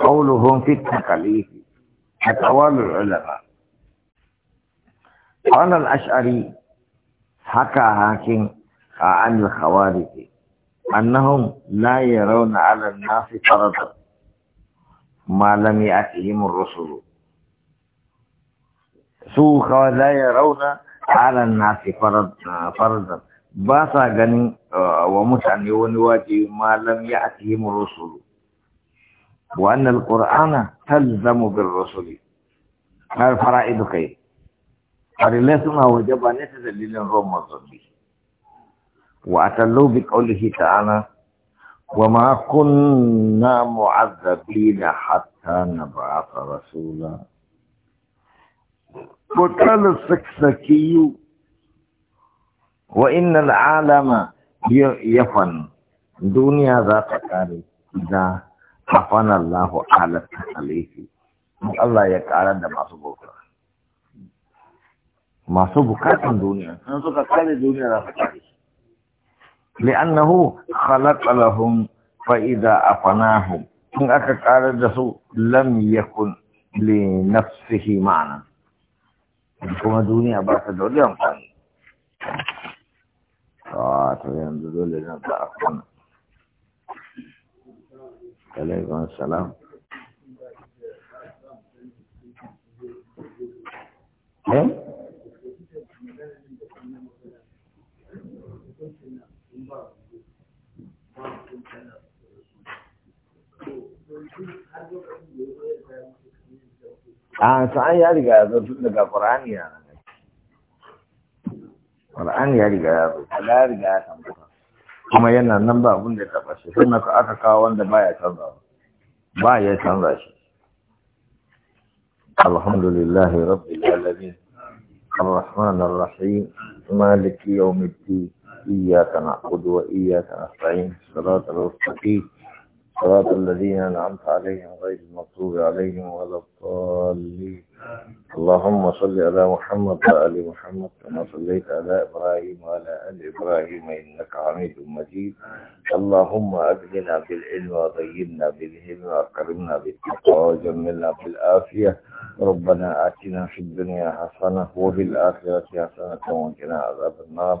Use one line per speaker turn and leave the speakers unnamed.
قولهم في التقليد أقوال العلماء قال الأشعري حكى حاكم عن الخوارج أنهم لا يرون على الناس فرضا ما لم يأتهم الرسل سوء لا يرون على الناس فرضا فرضا باسا غني آه، ومتعني ونواجه ما لم يأتهم الرسل وأن القرآن تلزم بالرسل هذا فرائد كي فرلتنا وجب أن يتدلل الروم الظلي وأتلو بقوله تعالى وما كنا معذبين حتى نبعث رسولا وقال السكسكي وإن العالم يفن دنيا ذات كارثة حفظنا الله على التخليف الله يقال ده masu bauta masu bukatan duniya sun suka kare duniya za su kare li'annahu khalaqa lahum fa idza afanahum in aka karar da su lam yakun li nafsihi ma'ana kuma duniya ba ta da wani amfani to yanzu dole zan ta afana عليكم السلام a sa'an ya riga ya zo tun daga ƙwar'ani ya ƙwar'ani ya riga ya zo ya riga ya tambata kuma yana nan ba abin da ya taɓa shi sun ka aka kawo wanda ba ya canza ba ya canza shi alhamdulillahi rabbil alamin الرحمن الرحيم مالك يوم الدين إياك نعبد وإياك نستعين المستقيم صراط الذين أنعمت عليهم غير المغضوب عليهم ولا الضالين اللهم صل على محمد وآل محمد كما صليت على إبراهيم وعلى آل إبراهيم إنك حميد مجيد اللهم أغننا بالعلم وطيبنا بالهم وأكرمنا بالتقوى وجملنا بالعافية ربنا آتنا في الدنيا حسنة وفي الآخرة حسنة وقنا عذاب النار